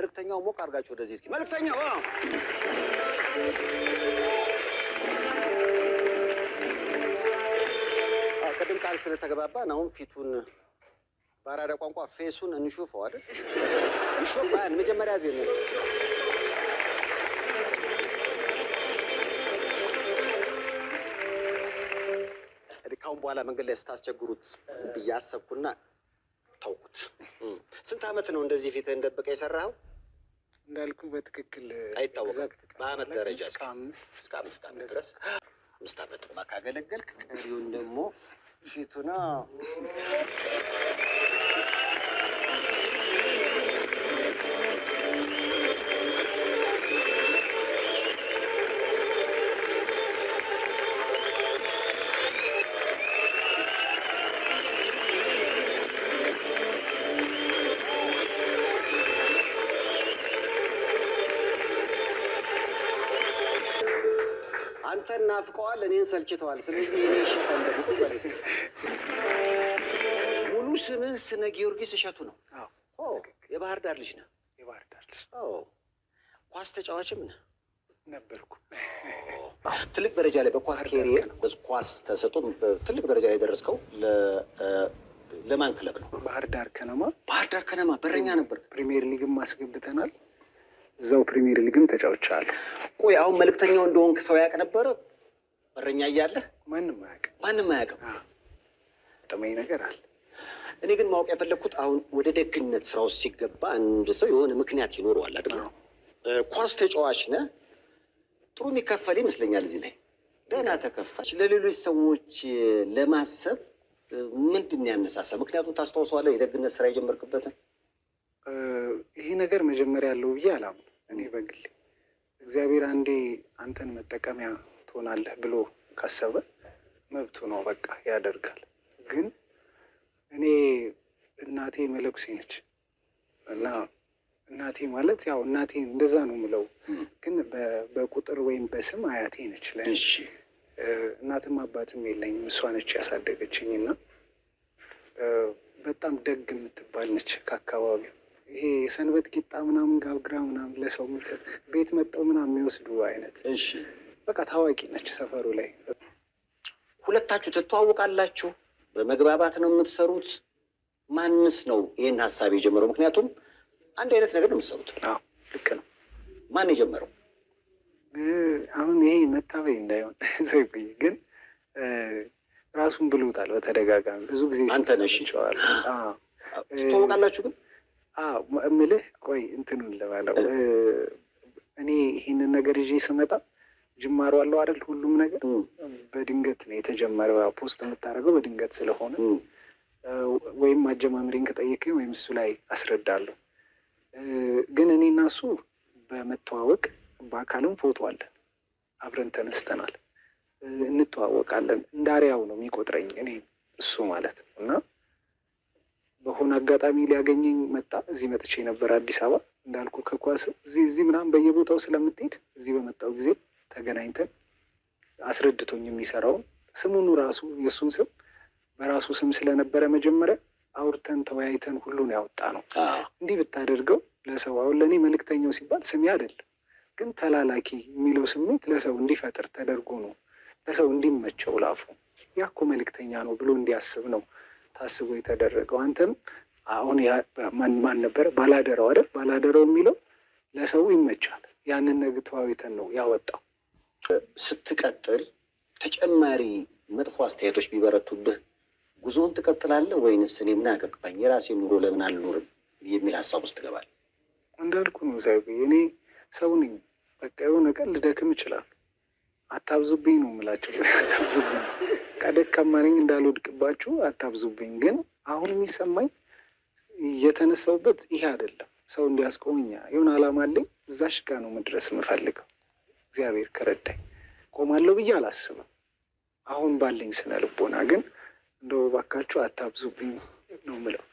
መልእክተኛው ሞቅ አድርጋችሁ ወደዚህ እስኪ መልእክተኛው ቅድም ቃል ስለተገባባ አሁን ፊቱን በአራዳ ቋንቋ ፌሱን እንሹፈው አይደል? እንሹፍ መጀመሪያ ዜ ካሁን በኋላ መንገድ ላይ ስታስቸግሩት ብዬ አሰብኩና ተውኩት። ስንት ዓመት ነው እንደዚህ ፊትህን ደብቀህ የሰራኸው? እንዳልኩ በትክክል አይታወቅም። በአመት ደረጃ እስከ አምስት አመት ድረስ አምስት አመት ካገለገልክ ቀሪውን ደግሞ ፊቱና አንተን ናፍቀዋል፣ እኔን ሰልችተዋል። ስለዚህ እኔ እሸቱ አንደበት ሙሉ ስምህ ስነ ጊዮርጊስ እሸቱ ነው። የባህር ዳር ልጅ ነህ። የባህር ዳር ልጅ ኳስ ተጫዋችም ነህ ነበርኩ። ትልቅ ደረጃ ላይ በኳስ ኬሪየር ኳስ ተሰጥቶ ትልቅ ደረጃ ላይ የደረስከው ለማን ክለብ ነው? ባህር ዳር ከነማ። ባህር ዳር ከነማ በረኛ ነበር። ፕሪሚየር ሊግም አስገብተናል። እዛው ፕሪሚየር ሊግም ተጫውቻለሁ። ቆይ አሁን መልእክተኛው እንደሆንክ ሰው ያውቅ ነበረ? በረኛ እያለህ ማንም አያውቅም። ማንም አያውቅም። ጥመኝ ነገር አለ። እኔ ግን ማወቅ የፈለግኩት አሁን ወደ ደግነት ስራ ውስጥ ሲገባ አንድ ሰው የሆነ ምክንያት ይኖረዋል አይደል? ኳስ ተጫዋች ነህ፣ ጥሩ የሚከፈል ይመስለኛል። እዚህ ላይ ደህና ተከፋች። ለሌሎች ሰዎች ለማሰብ ምንድን ያነሳሳ? ምክንያቱም ታስታውሰዋለህ የደግነት ስራ የጀመርክበትን። ይሄ ነገር መጀመሪያ አለው ብዬ እኔ በግሌ እግዚአብሔር አንዴ አንተን መጠቀሚያ ትሆናለህ ብሎ ካሰበ መብቱ ነው፣ በቃ ያደርጋል። ግን እኔ እናቴ መለኩሴ ነች እና እናቴ ማለት ያው እናቴ እንደዛ ነው የምለው፣ ግን በቁጥር ወይም በስም አያቴ ነች ለእኔ። እናትም አባትም የለኝም፣ እሷ ነች ያሳደገችኝ እና በጣም ደግ የምትባል ነች ከአካባቢው ይሄ ሰንበት ቂጣ ምናምን ጋብግራ ምናምን ለሰው ምንሰጥ ቤት መጠው ምናምን የሚወስዱ አይነት በቃ ታዋቂ ነች ሰፈሩ ላይ። ሁለታችሁ ትተዋወቃላችሁ፣ በመግባባት ነው የምትሰሩት። ማንስ ነው ይህን ሀሳብ የጀመረው? ምክንያቱም አንድ አይነት ነገር ነው የምትሰሩት። ልክ ነው። ማን የጀመረው? አሁን ይሄ መታበይ እንዳይሆን ሰው ግን ራሱን ብሎታል በተደጋጋሚ ብዙ ጊዜ አንተ ነሽ። ትተዋወቃላችሁ ግን ምልህ ቆይ እንትኑን ልበለው። እኔ ይህንን ነገር ይዤ ስመጣ ጅማሩ አለው አይደል? ሁሉም ነገር በድንገት ነው የተጀመረ። ፖስት የምታደርገው በድንገት ስለሆነ ወይም አጀማምሬን ከጠየቀኝ ወይም እሱ ላይ አስረዳለሁ። ግን እኔ እና እሱ በመተዋወቅ በአካልም ፎቶ አለን፣ አብረን ተነስተናል፣ እንተዋወቃለን። እንዳሪያው ነው የሚቆጥረኝ እኔ እሱ ማለት ነው እና በሆነ አጋጣሚ ሊያገኘኝ መጣ። እዚህ መጥቼ ነበር አዲስ አበባ እንዳልኩ ከኳስ እዚህ እዚህ ምናምን በየቦታው ስለምትሄድ እዚህ በመጣው ጊዜ ተገናኝተን አስረድቶኝ የሚሰራውን ስሙኑ ራሱ የእሱን ስም በራሱ ስም ስለነበረ መጀመሪያ አውርተን ተወያይተን ሁሉን ያወጣ ነው። እንዲህ ብታደርገው ለሰው አሁን ለእኔ መልእክተኛው ሲባል ስሜ አይደለም ግን ተላላኪ የሚለው ስሜት ለሰው እንዲፈጥር ተደርጎ ነው ለሰው እንዲመቸው ላፉ ያኮ መልእክተኛ ነው ብሎ እንዲያስብ ነው ታስቦ የተደረገው። አንተም አሁን ማን ነበረ ባላደራው አይደል? ባላደራው የሚለው ለሰው ይመቻል። ያንን ነግተዋዊተን ነው ያወጣው። ስትቀጥል ተጨማሪ መጥፎ አስተያየቶች ቢበረቱብህ ጉዞውን ትቀጥላለህ ወይንስ እኔ ምን አገባኝ የራሴ ኑሮ ለምን አልኖርም የሚል ሀሳብ ውስጥ ትገባለህ? እንዳልኩ ነው ዛ እኔ ሰው ነኝ። በቃ የሆነ ቀን ልደክም ይችላል። አታብዙብኝ ነው የምላቸው። አታብዙብኝ ከደካማ እንዳልወድቅባችሁ አታብዙብኝ። ግን አሁን የሚሰማኝ የተነሳውበት ይሄ አይደለም። ሰው እንዲያስቆመኝ የሆነ አላማ አለኝ። እዛ ሽጋ ነው መድረስ የምፈልገው። እግዚአብሔር ከረዳኝ ቆማለሁ ብዬ አላስብም። አሁን ባለኝ ስነ ልቦና ግን እንደው እባካችሁ አታብዙብኝ ነው የምለው።